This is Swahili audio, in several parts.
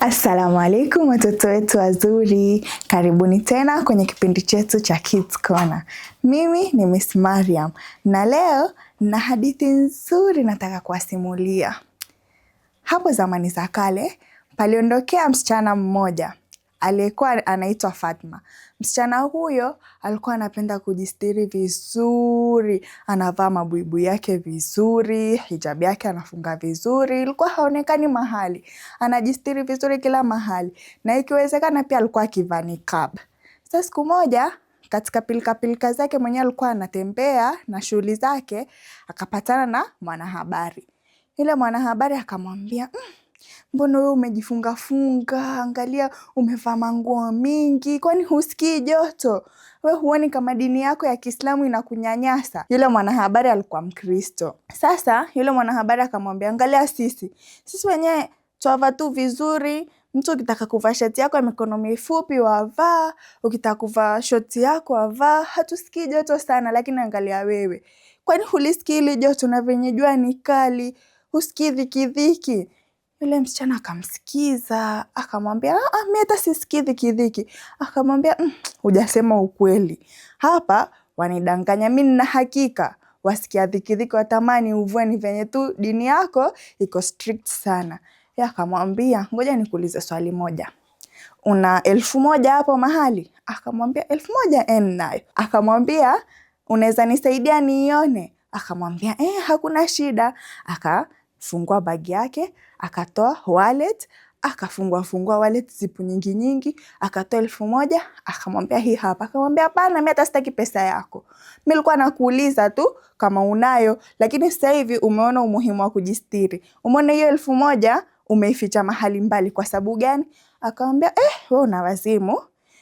Assalamu alaikum watoto wetu wazuri, karibuni tena kwenye kipindi chetu cha Kids Corner. Mimi ni Miss Mariam na leo na hadithi nzuri nataka kuwasimulia. Hapo zamani za kale paliondokea msichana mmoja aliyekuwa anaitwa Fatma. Msichana huyo alikuwa anapenda kujistiri vizuri, anavaa mabuibu yake vizuri, hijabu yake anafunga vizuri, ilikuwa haonekani mahali, anajistiri vizuri kila mahali, na ikiwezekana pia alikuwa akivaa niqab. Sasa siku moja katika pilikapilika zake mwenyewe alikuwa anatembea na shughuli zake, akapatana na mwanahabari. Yule mwanahabari akamwambia mm, mbona wewe umejifungafunga? Angalia umevaa manguo mingi, kwani husikii joto? We huoni kama dini yako ya Kiislamu inakunyanyasa? Yule mwanahabari alikuwa Mkristo. Sasa yule mwanahabari akamwambia, angalia sisi sisi wenyewe twavaa tu vizuri Mtu ukitaka kuvaa shati yako ya mikono mifupi wavaa, ukitaka kuvaa shoti yako wavaa, hatusikii joto sana. Lakini angalia wewe, kwani hulisikii hili joto? Na venye jua ni kali, husikii dhikidhiki? Yule msichana akamsikiza, akamwambia ah, ah mi hata sisikii dhiki dhiki. Akamwambia mm, hujasema ukweli, hapa wanidanganya, mi nina hakika wasikia dhiki dhiki, watamani uvweni, venye tu dini yako iko strict sana. Yeye akamwambia ngoja nikuulize swali moja, una elfu moja hapo mahali? Akamwambia elfu moja nnayo. Akamwambia unaweza nisaidia niione? Akamwambia eh, hakuna shida aka akafungua bag yake, akatoa wallet, akafungua fungua wallet zipu nyingi nyingi, akatoa elfu moja akamwambia hii hapa. Akamwambia hapana, mimi hata sitaki pesa yako, mimi nilikuwa nakuuliza tu kama unayo, lakini sasa hivi umeona umuhimu wa kujistiri, umeona hiyo elfu moja umeificha mahali mbali. Kwa sababu gani? Akamwambia eh, wewe una wazimu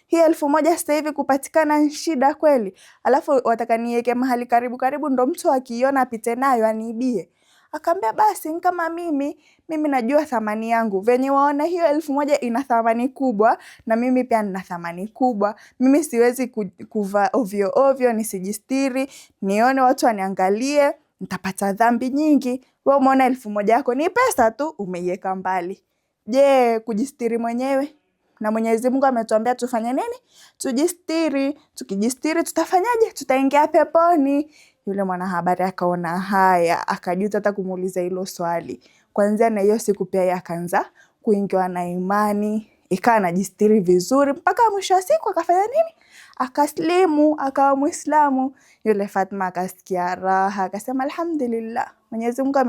hii elfu moja sasa hivi kupatikana shida kweli, alafu watakaniweke mahali karibu karibu, ndo mtu akiiona apite nayo aniibie. Akaambia basi kama mimi mimi najua thamani yangu, venye waona hiyo elfu moja ina thamani kubwa, na mimi pia nina thamani kubwa. Mimi siwezi kuvaa ovyo ovyo, nisijistiri, nione watu waniangalie, nitapata dhambi nyingi. We umeona elfu moja yako ni pesa tu, umeiweka mbali. Je, kujistiri mwenyewe na Mwenyezi Mungu ametuambia tufanye nini? Tujistiri. Tukijistiri tutafanyaje? Tutaingia peponi. Yule mwanahabari akaona haya, akajuta hata kumuuliza hilo swali. Kwanzia na hiyo siku pia akaanza kuingiwa na imani, ikawa anajistiri vizuri mpaka mwisho wa siku akafanya nini? Akaslimu, akawa Mwislamu. Yule Fatma akasikia raha, akasema alhamdulillah, Mwenyezi Mungu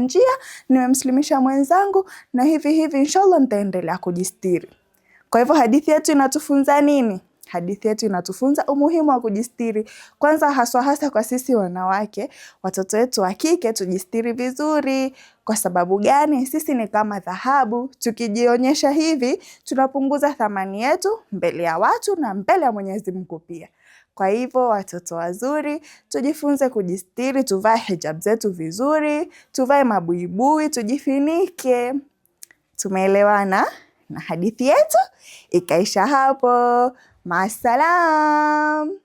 njia, nimemslimisha mwenzangu, na hivi hivi inshallah nitaendelea kujistiri. Kwa hivyo hadithi yetu inatufunza nini? Hadithi yetu inatufunza umuhimu wa kujistiri kwanza, haswa hasa kwa sisi wanawake, watoto wetu wa kike tujistiri vizuri. Kwa sababu gani? Sisi ni kama dhahabu, tukijionyesha hivi tunapunguza thamani yetu mbele ya watu na mbele ya Mwenyezi Mungu pia. Kwa hivyo watoto wazuri, tujifunze kujistiri, tuvae hijab zetu vizuri, tuvae mabuibui, tujifinike. Tumeelewana na hadithi yetu ikaisha hapo. مع السلام